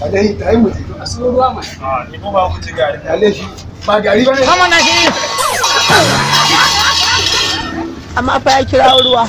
a dai ta yi mutu a sun ruwa ma. ni ko ba mutu gari a ba gari ba ne kama na shi amma fa ya kira ruwa